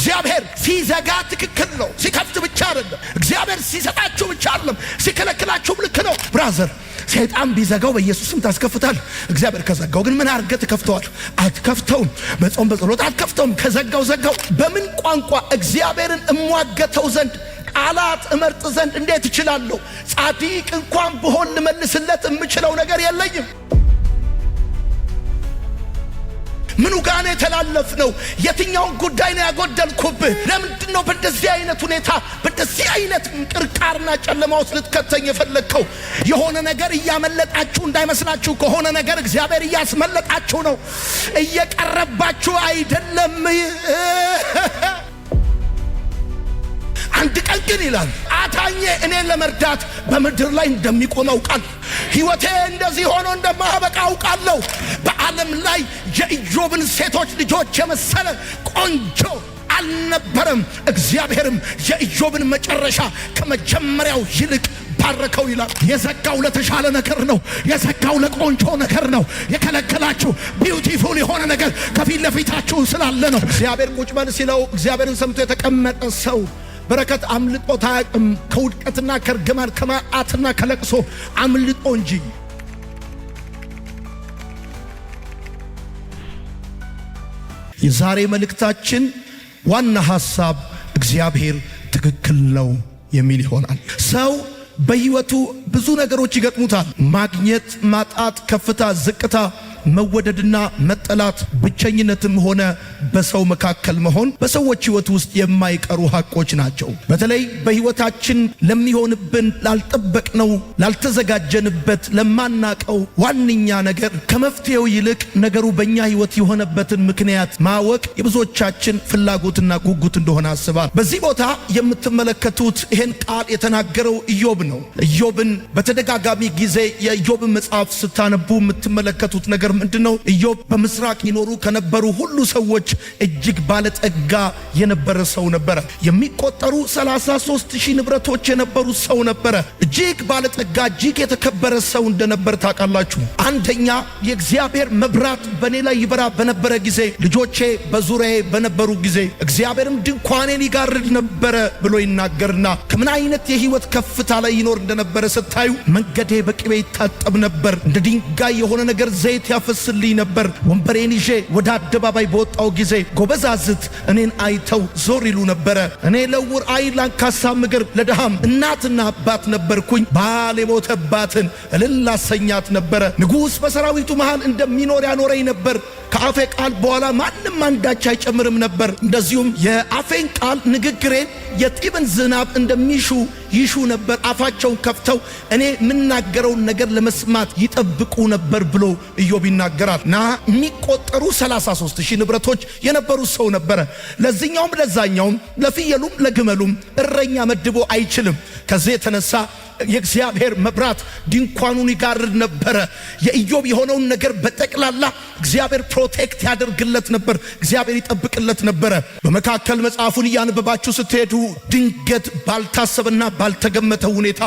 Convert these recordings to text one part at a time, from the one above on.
እግዚአብሔር ሲዘጋ ትክክል ነው፣ ሲከፍት ብቻ አይደለም። እግዚአብሔር ሲሰጣችሁ ብቻ አይደለም፣ ሲከለክላችሁም ልክ ነው ብራዘር። ሰይጣን ቢዘጋው በኢየሱስም ታስከፍታል። እግዚአብሔር ከዘጋው ግን ምን አድርገህ ትከፍተዋል? አትከፍተውም። በጾም በጸሎት አትከፍተውም። ከዘጋው ዘጋው። በምን ቋንቋ እግዚአብሔርን እሟገተው ዘንድ ቃላት እመርጥ ዘንድ እንዴት እችላለሁ? ጻድቅ እንኳን ብሆን ልመልስለት የምችለው ነገር የለኝም። ምኑ ጋር ነው የተላለፍነው? የትኛውን ጉዳይ ነው ያጎደልኩብህ? ለምንድን ነው በእንደዚህ አይነት ሁኔታ በእንደዚህ አይነት ቅርቃርና ጨለማ ውስጥ ልትከተኝ የፈለግከው? የሆነ ነገር እያመለጣችሁ እንዳይመስላችሁ፣ ከሆነ ነገር እግዚአብሔር እያስመለጣችሁ ነው። እየቀረባችሁ አይደለም። አንድ ቀን ግን ይላል አታኜ እኔን ለመርዳት በምድር ላይ እንደሚቆም አውቃለሁ። ሕይወቴ እንደዚህ ሆኖ እንደማበቃ አውቃለሁ። በዓለም ላይ የኢዮብን ሴቶች ልጆች የመሰለ ቆንጆ አልነበረም። እግዚአብሔርም የኢዮብን መጨረሻ ከመጀመሪያው ይልቅ ባረከው ይላል። የዘጋው ለተሻለ ነገር ነው። የዘጋው ለቆንጆ ነገር ነው። የከለከላችሁ ቢዩቲፉል የሆነ ነገር ከፊት ለፊታችሁ ስላለ ነው። እግዚአብሔር ቁጭ በል ሲለው እግዚአብሔርን ሰምቶ የተቀመጠ ሰው በረከት አምልጦ ታያቅም ከውድቀትና ከርግማን ከማጣትና ከለቅሶ አምልጦ እንጂ የዛሬ መልእክታችን ዋና ሐሳብ እግዚአብሔር ትክክል ነው የሚል ይሆናል። ሰው በሕይወቱ ብዙ ነገሮች ይገጥሙታል። ማግኘት፣ ማጣት፣ ከፍታ፣ ዝቅታ መወደድና መጠላት፣ ብቸኝነትም ሆነ በሰው መካከል መሆን በሰዎች ህይወት ውስጥ የማይቀሩ ሀቆች ናቸው። በተለይ በህይወታችን ለሚሆንብን ላልጠበቅነው፣ ላልተዘጋጀንበት፣ ለማናቀው ዋነኛ ነገር ከመፍትሄው ይልቅ ነገሩ በእኛ ህይወት የሆነበትን ምክንያት ማወቅ የብዙዎቻችን ፍላጎትና ጉጉት እንደሆነ አስባል። በዚህ ቦታ የምትመለከቱት ይህን ቃል የተናገረው ኢዮብ ነው። ኢዮብን በተደጋጋሚ ጊዜ የኢዮብን መጽሐፍ ስታነቡ የምትመለከቱት ነገር ነገር ምንድነው? ኢዮብ በምስራቅ ይኖሩ ከነበሩ ሁሉ ሰዎች እጅግ ባለጠጋ የነበረ ሰው ነበረ። የሚቆጠሩ 33 ሺህ ንብረቶች የነበሩ ሰው ነበረ። እጅግ ባለጠጋ እጅግ የተከበረ ሰው እንደነበር ታውቃላችሁ። አንደኛ የእግዚአብሔር መብራት በእኔ ላይ ይበራ በነበረ ጊዜ ልጆቼ በዙሪያዬ በነበሩ ጊዜ እግዚአብሔርም ድንኳኔን ይጋርድ ነበረ ብሎ ይናገርና ከምን አይነት የህይወት ከፍታ ላይ ይኖር እንደነበረ ስታዩ መንገዴ በቅቤ ይታጠብ ነበር፣ እንደ ድንጋይ የሆነ ነገር ዘይት ያፈስልኝ ነበር። ወንበሬን ይዤ ወደ አደባባይ በወጣው ጊዜ ጎበዛዝት እኔን አይተው ዞር ይሉ ነበረ። እኔ ለውር አይን፣ ላንካሳ ምግር ለድሃም እናትና አባት ነበርኩኝ። ባል የሞተባትን እልል አሰኛት ነበረ። ንጉሥ በሰራዊቱ መሃል እንደሚኖር ያኖረኝ ነበር። ከአፌ ቃል በኋላ ማንም አንዳች አይጨምርም ነበር። እንደዚሁም የአፌን ቃል ንግግሬን የጢብን ዝናብ እንደሚሹ ይሹ ነበር። አፋቸውን ከፍተው እኔ የምናገረውን ነገር ለመስማት ይጠብቁ ነበር ብሎ ኢዮብ ይናገራል። ና የሚቆጠሩ 33 ሺህ ንብረቶች የነበሩ ሰው ነበረ። ለዚኛውም ለዛኛውም ለፍየሉም ለግመሉም እረኛ መድቦ አይችልም። ከዚህ የተነሳ የእግዚአብሔር መብራት ድንኳኑን ይጋርድ ነበረ። የኢዮብ የሆነውን ነገር በጠቅላላ እግዚአብሔር ፕሮቴክት ያደርግለት ነበር። እግዚአብሔር ይጠብቅለት ነበረ። በመካከል መጽሐፉን እያነበባችሁ ስትሄዱ ድንገት ባልታሰበና ባልተገመተ ሁኔታ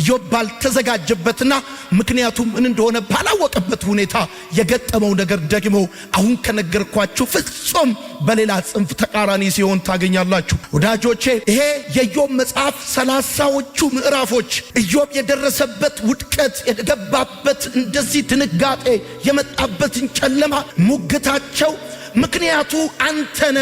ኢዮብ ባልተዘጋጀበትና ምክንያቱም ምን እንደሆነ ባላወቀበት ሁኔታ የገጠመው ነገር ደግሞ አሁን ከነገርኳችሁ ፍጹም በሌላ ጽንፍ ተቃራኒ ሲሆን ታገኛላችሁ። ወዳጆቼ ይሄ የኢዮብ መጽሐፍ ሰላሳዎቹ ምዕራፎች ኢዮብ የደረሰበት ውድቀት የገባበት እንደዚህ ድንጋጤ የመጣበትን ጨለማ ሙግታቸው ምክንያቱ አንተነ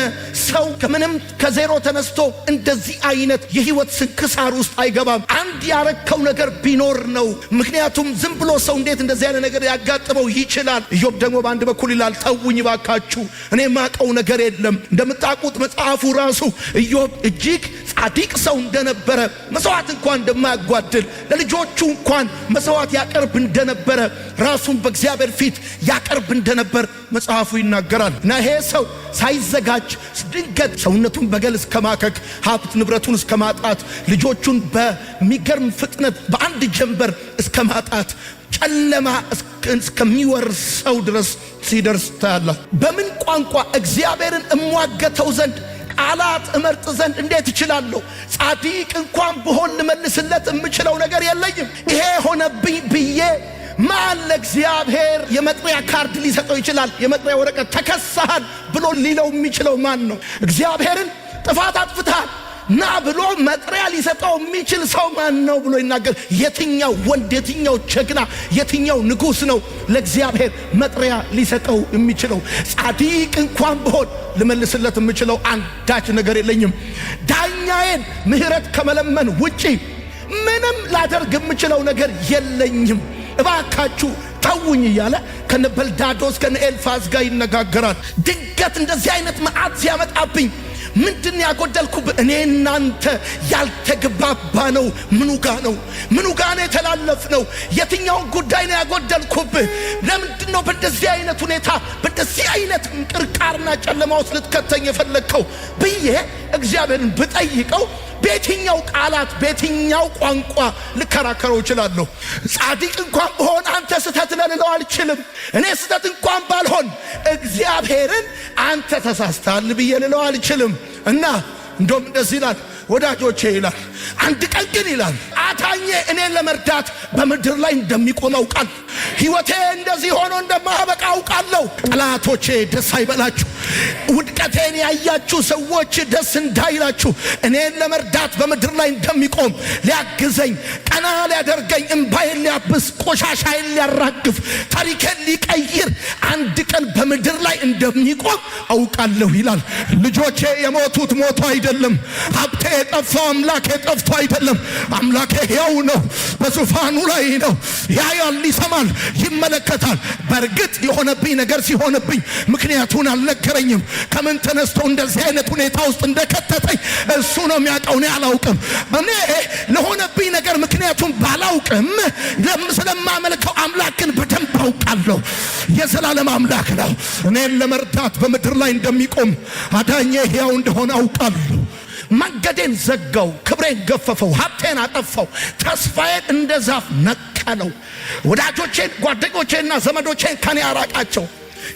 ሰው ከምንም ከዜሮ ተነስቶ እንደዚህ አይነት የህይወት ስንክሳር ውስጥ አይገባም። አንድ ያረከው ነገር ቢኖር ነው። ምክንያቱም ዝም ብሎ ሰው እንዴት እንደዚህ አይነት ነገር ያጋጥመው ይችላል? ኢዮብ ደግሞ በአንድ በኩል ይላል ተውኝ ባካችሁ፣ እኔ ማቀው ነገር የለም። እንደምታውቁት መጽሐፉ ራሱ ኢዮብ እጅግ ጻድቅ ሰው እንደነበረ መስዋዕት እንኳን እንደማያጓድል ለልጆቹ እንኳን መስዋዕት ያቀርብ እንደነበረ ራሱን በእግዚአብሔር ፊት ያቀርብ እንደነበር መጽሐፉ ይናገራል። እና ይሄ ሰው ሳይዘጋጅ ድንገት ሰውነቱን በገል እስከ ማከክ፣ ሀብት ንብረቱን እስከ ማጣት፣ ልጆቹን በሚገርም ፍጥነት በአንድ ጀንበር እስከ ማጣት ጨለማ እስከሚወርሰው ድረስ ሲደርስ ታያላል። በምን ቋንቋ እግዚአብሔርን እሟገተው ዘንድ ቃላት እመርጥ ዘንድ እንዴት እችላለሁ? ጻድቅ እንኳን ብሆን ልመልስለት የምችለው ነገር የለኝም። ይሄ ሆነብኝ ብዬ ማን ለእግዚአብሔር የመጥሪያ ካርድ ሊሰጠው ይችላል? የመጥሪያ ወረቀት ተከሳሃል ብሎ ሊለው የሚችለው ማን ነው? እግዚአብሔርን ጥፋት አጥፍተሃል ና ብሎ መጥሪያ ሊሰጠው የሚችል ሰው ማን ነው ብሎ ይናገር። የትኛው ወንድ፣ የትኛው ጀግና፣ የትኛው ንጉሥ ነው ለእግዚአብሔር መጥሪያ ሊሰጠው የሚችለው? ጻድቅ እንኳን ብሆን ልመልስለት የምችለው አንዳች ነገር የለኝም። ዳኛዬን ምሕረት ከመለመን ውጪ ምንም ላደርግ የምችለው ነገር የለኝም፣ እባካችሁ ተውኝ እያለ ከነበልዳዶስ ከነኤልፋዝ ጋር ይነጋገራል። ድንገት እንደዚህ አይነት መዓት ሲያመጣብኝ ምንድን ያጎደልኩብ እኔ እናንተ ያልተግባባ ነው። ምኑጋ ነው ምኑጋ ነው የተላለፍ ነው? የትኛውን ጉዳይ ነው ያጎደልኩብ ለምንድን ነው በእንደዚህ አይነት ሁኔታ በእንደዚህ አይነት ቅርቃርና ጨለማ ውስጥ ልትከተኝ የፈለግከው ብዬ እግዚአብሔርን ብጠይቀው በየትኛው ቃላት በየትኛው ቋንቋ ልከራከረው እችላለሁ? ጻድቅ እንኳን ብሆን አንተ ስህተት ነህ ልለው አልችልም። እኔ ስህተት እንኳን ባልሆን እግዚአብሔርን አንተ ተሳስተሃል ብዬ ልለው አልችልም። እና እንደውም እንደዚህ ይላል ወዳጆቼ ይላል አንድ ቀን ግን ይላል አታኜ እኔን ለመርዳት በምድር ላይ እንደሚቆም አውቃለሁ። ሕይወቴ እንደዚህ ሆኖ እንደማበቃ አውቃለሁ። ጠላቶቼ ደስ አይበላችሁ፣ ውድቀቴን ያያችሁ ሰዎች ደስ እንዳይላችሁ። እኔን ለመርዳት በምድር ላይ እንደሚቆም ሊያግዘኝ፣ ቀና ሊያደርገኝ፣ እምባዬን ሊያብስ፣ ቆሻሻዬን ሊያራግፍ፣ ታሪኬን ሊቀይር አንድ ቀን በምድር ላይ እንደሚቆም አውቃለሁ ይላል። ልጆቼ የሞቱት ሞቶ አይደለም ሀብቴ የጠፋው አምላክ የጠፋ ጠፍቶ አይደለም። አምላኬ ሕያው ነው፣ በዙፋኑ ላይ ነው። ያያል፣ ይሰማል፣ ይመለከታል። በእርግጥ የሆነብኝ ነገር ሲሆንብኝ ምክንያቱን አልነገረኝም። ከምን ተነስቶ እንደዚህ አይነት ሁኔታ ውስጥ እንደከተተኝ እሱ ነው የሚያውቀው፣ እኔ አላውቅም። እኔ ለሆነብኝ ነገር ምክንያቱን ባላውቅም ስለማመልከው አምላክን በደንብ አውቃለሁ። የዘላለም አምላክ ነው። እኔን ለመርዳት በምድር ላይ እንደሚቆም አዳኜ ሕያው እንደሆነ አውቃለሁ። መንገዴን ዘጋው፣ ክብሬን ገፈፈው፣ ሀብቴን አጠፋው፣ ተስፋዬን እንደ ዛፍ ነቀለው። ወዳጆቼን ጓደኞቼና ዘመዶቼን ከኔ አራቃቸው።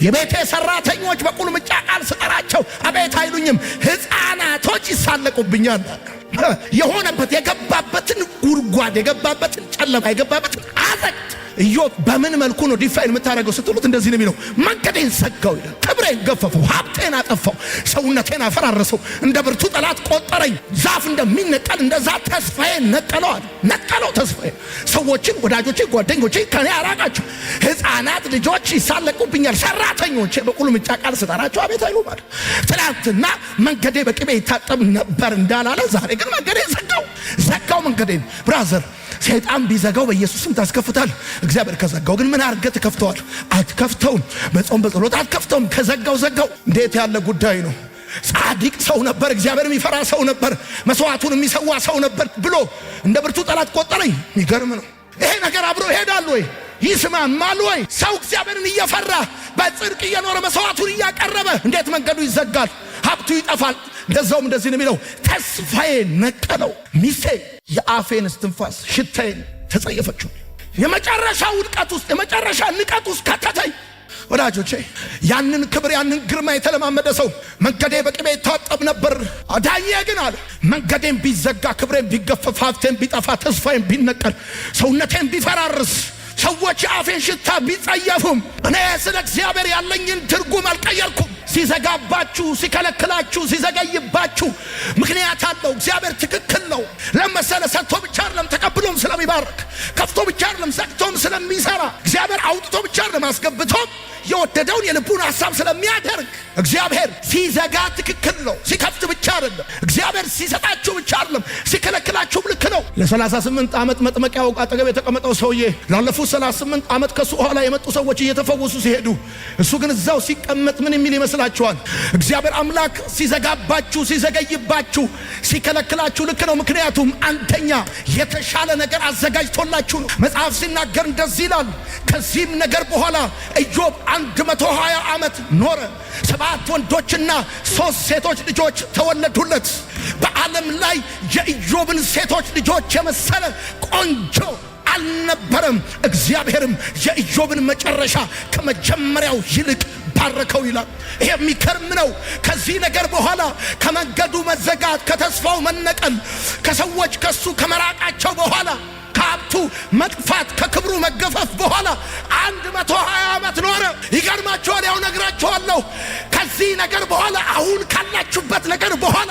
የቤቴ ሰራተኞች በቁልምጫ ቃል ስጠራቸው አቤት አይሉኝም። ሕፃናቶች ይሳለቁብኛል። የሆነበት የገባበትን ጉድጓድ የገባበትን ጨለማ የገባበትን አዘቅት ኢዮብ በምን መልኩ ነው ዲፋይን የምታደርገው ስትሉት እንደዚህ ነው የሚለው። መንገዴን ዘጋው ይላል። ክብሬን ገፈፈው፣ ሀብቴን አጠፋው፣ ሰውነቴን አፈራረሰው፣ እንደ ብርቱ ጠላት ቆጠረኝ። ዛፍ እንደሚነቀል እንደዛ ተስፋዬ ነቀለዋል፣ ነቀለው ተስፋዬ። ሰዎችን፣ ወዳጆቼ፣ ጓደኞቼ ከኔ አራቃቸው። ህፃናት ልጆች ይሳለቁብኛል። ሰራተኞቼ ምጫ ቃል ስጠራቸው አቤት አይሉ ማለት ትላንትና መንገዴ በቅቤ ይታጠብ ነበር እንዳላለ ዛሬ ግን መንገዴ ዘጋው መንገዴን። ብራዘር ሰይጣን ቢዘጋው በኢየሱስም ታስከፍታል። እግዚአብሔር ከዘጋው ግን ምን አድርገህ ትከፍተዋል? አትከፍተውም። በጾም በጸሎት አትከፍተውም። ከዘጋው ዘጋው። እንዴት ያለ ጉዳይ ነው! ጻድቅ ሰው ነበር፣ እግዚአብሔር የሚፈራ ሰው ነበር፣ መስዋዕቱን የሚሰዋ ሰው ነበር ብሎ እንደ ብርቱ ጠላት ቆጠረኝ። የሚገርም ነው ይሄ ነገር። አብሮ ይሄዳል ወይ ይስማማል ወይ? ሰው እግዚአብሔርን እየፈራ በጽድቅ እየኖረ መስዋዕቱን እያቀረበ እንዴት መንገዱ ይዘጋል? ቃላችሁ ይጠፋል። ለዛውም እንደዚህ ነው የሚለው ተስፋዬ ነቀ ነው ሚስቴ የአፌን እስትንፋስ ሽታዬን ተጸየፈችው። የመጨረሻ ውድቀት ውስጥ የመጨረሻ ንቀት ውስጥ ከተተኝ። ወዳጆቼ ያንን ክብር ያንን ግርማ የተለማመደ ሰው መንገዴ በቅቤ ይታጠብ ነበር። ዳኜ ግን አለ መንገዴን ቢዘጋ፣ ክብሬን ቢገፈፍ፣ ሀብቴን ቢጠፋ፣ ተስፋዬን ቢነቀል፣ ሰውነቴን ቢፈራርስ ሰዎች የአፌን ሽታ ቢጸየፉም እኔ ስለ እግዚአብሔር ያለኝን ትርጉም አልቀየርኩም። ሲዘጋባችሁ፣ ሲከለክላችሁ፣ ሲዘገይባችሁ ምክንያት አለው። እግዚአብሔር ትክክል ነው። ለመሰለ ሰጥቶ ብቻ አይደለም ተቀብሎም ስለሚባርክ ከፍቶ ብቻ አይደለም ዘግቶም ስለሚሰራ እግዚአብሔር አውጥቶ ብቻ አይደለም አስገብቶም የወደደውን የልቡን ሀሳብ ስለሚያደርግ እግዚአብሔር ሲዘጋ ትክክል ነው፣ ሲከፍት ብቻ አይደለም። እግዚአብሔር ሲሰጣችሁ ብቻ አይደለም፣ ሲከለክላችሁም ልክ ነው። ለ38 ዓመት መጥመቂያው አጠገብ የተቀመጠው ሰውዬ ላለፉት 38 ዓመት ከሱ ኋላ የመጡ ሰዎች እየተፈወሱ ሲሄዱ እሱ ግን እዛው ሲቀመጥ ምን የሚል ይመስላችኋል? እግዚአብሔር አምላክ ሲዘጋባችሁ፣ ሲዘገይባችሁ፣ ሲከለክላችሁ ልክ ነው። ምክንያቱም አንደኛ የተሻለ ነገር አዘጋጅቶላችሁ ነው። መጽሐፍ ሲናገር እንደዚህ ይላል ከዚህም ነገር በኋላ ኢዮብ አንድ መቶ ሀያ ዓመት ኖረ። ሰባት ወንዶችና ሦስት ሴቶች ልጆች ተወለዱለት። በዓለም ላይ የኢዮብን ሴቶች ልጆች የመሰለ ቆንጆ አልነበረም። እግዚአብሔርም የኢዮብን መጨረሻ ከመጀመሪያው ይልቅ ባረከው ይላል። ይሄ የሚገርም ነው። ከዚህ ነገር በኋላ ከመንገዱ መዘጋት፣ ከተስፋው መነቀል፣ ከሰዎች ከሱ ከመራቃቸው በኋላ ከሀብቱ መጥፋት ከክብሩ መገፈፍ በኋላ አንድ መቶ ሀያ ዓመት ኖረ። ይገርማችኋል። ያው ነግራችኋለሁ። ከዚህ ነገር በኋላ አሁን ካላችሁበት ነገር በኋላ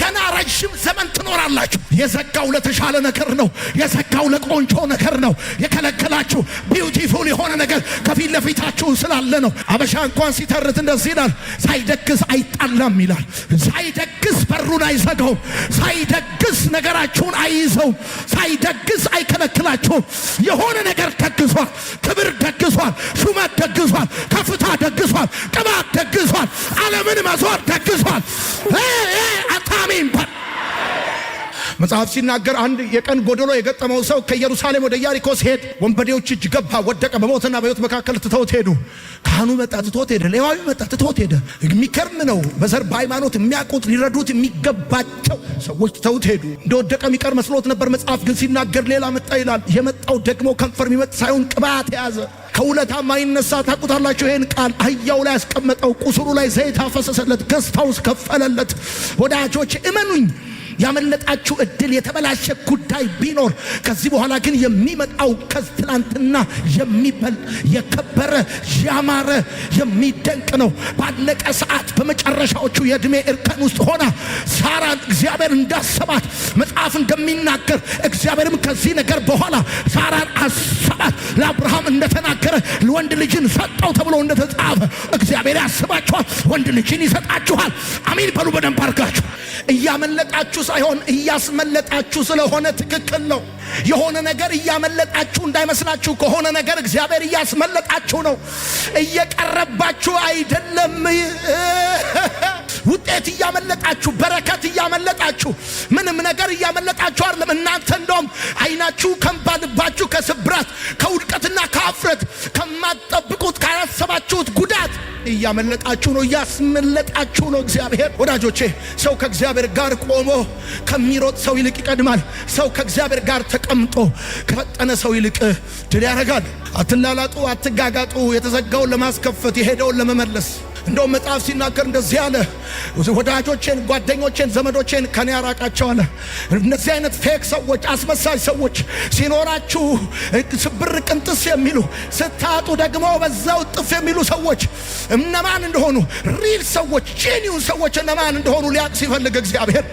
ገና ረዥም ዘመን ትኖራላችሁ። የዘጋው ለተሻለ ነገር ነው። የዘጋው ለቆንጆ ነገር ነው። የከለከላችሁ ቢዩቲፉል የሆነ ነገር ከፊት ለፊታችሁ ስላለ ነው። አበሻ እንኳን ሲተርት እንደዚህ ይላል፣ ሳይደግስ አይጣላም ይላል። ሳይደግስ በሩን አይዘጋውም። ሳይደግስ ነገራችሁን አይይዘውም። ሳይደግስ አይከለክላችሁም። የሆነ ነገር ደግሷል። ክብር ደግሷል። ሹመት ደግሷል። ከፍታ ደግሷል። ቅባት ደግሷል። ዓለምን መዞር ደግሷል። አሜን መጽሐፍ ሲናገር አንድ የቀን ጎደሎ የገጠመው ሰው ከኢየሩሳሌም ወደ ኢያሪኮ ሲሄድ ወንበዴዎች እጅ ገባ፣ ወደቀ። በሞትና በሕይወት መካከል ትተውት ሄዱ። ካህኑ መጣ፣ ትቶት ሄደ። ሌዋዊ መጣ፣ ትቶት ሄደ። የሚከርም ነው። በዘር በሃይማኖት የሚያውቁት ሊረዱት የሚገባቸው ሰዎች ትተውት ሄዱ። እንደወደቀ የሚቀር መስሎት ነበር። መጽሐፍ ግን ሲናገር ሌላ መጣ ይላል። የመጣው ደግሞ ከንፈር የሚመጥ ሳይሆን ቅባት የያዘ ከውለታ ማይነሳ ታቁታላችሁ። ይህን ቃል አህያው ላይ ያስቀመጠው፣ ቁስሉ ላይ ዘይት አፈሰሰለት፣ ገዝታውስ ከፈለለት። ወዳጆች እመኑኝ ያመለጣችሁ እድል የተበላሸ ጉዳይ ቢኖር ከዚህ በኋላ ግን የሚመጣው ከዝ የሚበልጥ የሚበል የከበረ ያማረ የሚደንቅ ነው። ባለቀ ሰዓት በመጨረሻዎቹ የእድሜ እርከን ውስጥ ሆና ሳራን እግዚአብሔር እንዳሰባት መጽሐፍ እንደሚናገር እግዚአብሔርም ከዚህ ነገር በኋላ ሳራን አሰባት። ለአብርሃም እንደተናገረ ወንድ ልጅን ሰጠው ተብሎ እንደተጻፈ እግዚአብሔር ያስባችኋል፣ ወንድ ልጅን ይሰጣችኋል። አሚን በሉ በደንብ አድርጋችሁ እያመለጣችሁ ሳይሆን እያስመለጣችሁ ስለሆነ ትክክል ነው። የሆነ ነገር እያመለጣችሁ እንዳይመስላችሁ፣ ከሆነ ነገር እግዚአብሔር እያስመለጣችሁ ነው። እየቀረባችሁ አይደለም። ውጤት እያመለጣችሁ፣ በረከት እያመለጣችሁ፣ ምንም ነገር እያመለጣችሁ አይደለም። እናንተ እንደውም አይናችሁ ከእንባ ከስብራት ከውድቀትና ከአፍረት ከማጠብቁት ካላሰባችሁት ጉዳት እያመለጣችሁ ነው፣ እያስመለጣችሁ ነው እግዚአብሔር። ወዳጆቼ ሰው ከእግዚአብሔር ጋር ቆሞ ከሚሮጥ ሰው ይልቅ ይቀድማል። ሰው ከእግዚአብሔር ጋር ተቀምጦ ከፈጠነ ሰው ይልቅ ድል ያደርጋል። አትላላጡ፣ አትጋጋጡ። የተዘጋውን ለማስከፈት የሄደውን ለመመለስ እንደውም መጽሐፍ ሲናገር እንደዚህ አለ፣ ወዳጆቼን፣ ጓደኞቼን፣ ዘመዶቼን ከኔ ያራቃቸው አለ። እነዚህ አይነት ፌክ ሰዎች፣ አስመሳይ ሰዎች ሲኖራችሁ ስብር ቅንጥስ የሚሉ ስታጡ ደግሞ በዛው ጥፍ የሚሉ ሰዎች እነማን እንደሆኑ ሪል ሰዎች፣ ጄኒውን ሰዎች እነማን እንደሆኑ ሊያቅ ሲፈልግ እግዚአብሔር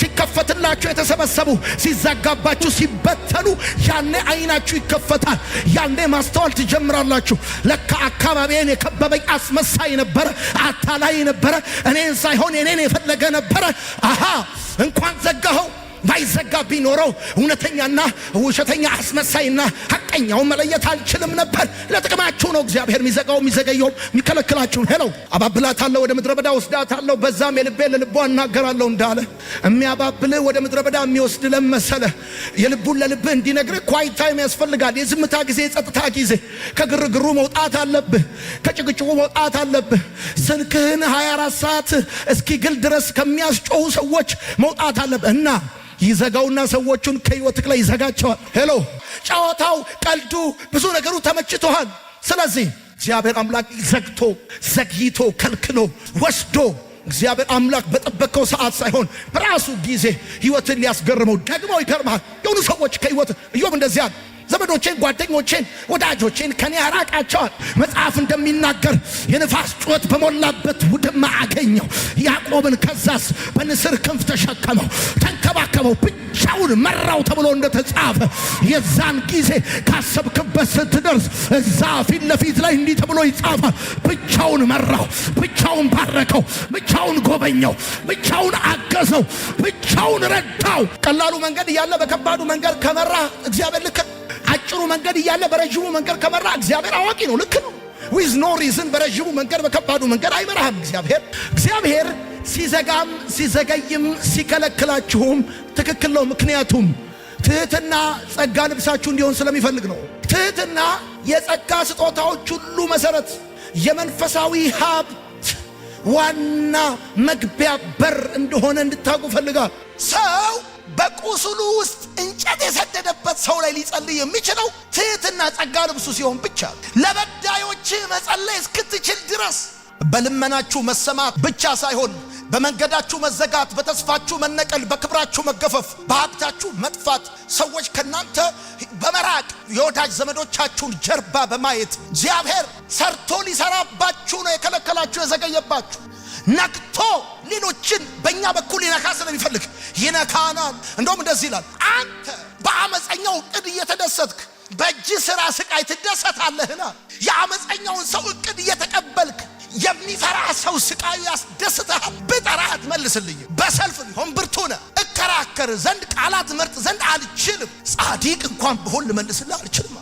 ሲከፈትላችሁ የተሰበሰቡ ሲዘጋባችሁ ሲበተኑ ያኔ አይናችሁ ይከፈታል። ያኔ ማስተዋል ትጀምራላችሁ። ለካ አካባቢን የከበበኝ አስመሳይ ነበር ነበር፣ አታላይ ነበረ። እኔን ሳይሆን እኔን የፈለገ ነበረ። አሃ እንኳን ዘጋኸው ባይዘጋ ቢኖረው እውነተኛና ውሸተኛ አስመሳይና ሀቀኛውን መለየት አልችልም ነበር። ለጥቅማችሁ ነው እግዚአብሔር የሚዘጋው የሚዘገየው የሚከለክላችሁን። ሄለው አባብላታለሁ፣ ወደ ምድረ በዳ ወስዳታለሁ፣ በዛም የልቤ ለልቧ እናገራለሁ እንዳለ የሚያባብል ወደ ምድረ በዳ የሚወስድ ለመሰለ የልቡን ለልብህ እንዲነግር ኳይ ታይም ያስፈልጋል። የዝምታ ጊዜ፣ የጸጥታ ጊዜ። ከግርግሩ መውጣት አለብህ፣ ከጭቅጭቁ መውጣት አለብህ። ስልክህን 24 ሰዓት እስኪግል ድረስ ከሚያስጮሁ ሰዎች መውጣት አለብህ እና ይዘጋውና ሰዎቹን ከህይወትክ ላይ ይዘጋቸዋል። ሄሎ ጨዋታው፣ ቀልዱ፣ ብዙ ነገሩ ተመችቶሃል። ስለዚህ እግዚአብሔር አምላክ ዘግቶ ዘግይቶ ከልክሎ ወስዶ እግዚአብሔር አምላክ በጠበቀው ሰዓት ሳይሆን በራሱ ጊዜ ህይወትን ሊያስገርመው ደግሞ ይገርመሃል። የሆኑ ሰዎች ከህይወት እዮም እንደዚያ ዘመዶቼን፣ ጓደኞቼን፣ ወዳጆቼን ከኔ ያራቃቸዋል። መጽሐፍ እንደሚናገር የንፋስ ጩኸት በሞላበት ውድማ አገኘው። ያዕቆብን ከዛስ በንስር ክንፍ ተሸከመው፣ ተንከባከበው፣ ብቻውን መራው ተብሎ እንደተጻፈ የዛን ጊዜ ካሰብክበት ስትደርስ እዛ ፊት ለፊት ላይ እንዲህ ተብሎ ይጻፋል። ብቻውን መራው፣ ብቻውን ባረከው፣ ብቻውን ጎበኘው፣ ብቻውን አገዘው፣ ብቻውን ረዳው። ቀላሉ መንገድ እያለ በከባዱ መንገድ ከመራ እግዚአብሔር ልክ በአጭሩ መንገድ እያለ በረዥሙ መንገድ ከመራ እግዚአብሔር አዋቂ ነው። ልክ ነው። ዊዝ ኖ ሪዝን በረዥሙ መንገድ በከባዱ መንገድ አይመራህም። እግዚአብሔር እግዚአብሔር ሲዘጋም ሲዘገይም ሲከለክላችሁም ትክክል ነው። ምክንያቱም ትህትና ጸጋ ልብሳችሁ እንዲሆን ስለሚፈልግ ነው። ትህትና የጸጋ ስጦታዎች ሁሉ መሰረት፣ የመንፈሳዊ ሀብት ዋና መግቢያ በር እንደሆነ እንድታውቁ ፈልጋል። ሰው በቁስሉ ውስጥ እንጨት የሰደደበት ሰው ላይ ሊጸልይ የሚችለው ትህትና ጸጋ ልብሱ ሲሆን ብቻ ለበዳዮች መጸለይ እስክትችል ድረስ በልመናችሁ መሰማት ብቻ ሳይሆን በመንገዳችሁ መዘጋት፣ በተስፋችሁ መነቀል፣ በክብራችሁ መገፈፍ፣ በሀብታችሁ መጥፋት፣ ሰዎች ከእናንተ በመራቅ የወዳጅ ዘመዶቻችሁን ጀርባ በማየት እግዚአብሔር ሰርቶ ሊሰራባችሁ ነው የከለከላችሁ የዘገየባችሁ ነክቶ ሌሎችን በእኛ በኩል ሊነካ ስለሚፈልግ ይነካናል። እንደውም እንደዚህ ይላል፣ አንተ በአመፀኛው እቅድ እየተደሰትክ በእጅ ሥራ ስቃይ ትደሰታለህና። የአመፀኛውን ሰው እቅድ እየተቀበልክ የሚፈራ ሰው ስቃዩ ያስደስትሃል። ብጠራ አትመልስልኝ። በሰልፍ ቢሆን ብርቱ ነህ። እከራከር ዘንድ ቃላት መርጥ ዘንድ አልችልም። ጻዲቅ እንኳን ብሆን ልመልስልህ አልችልም።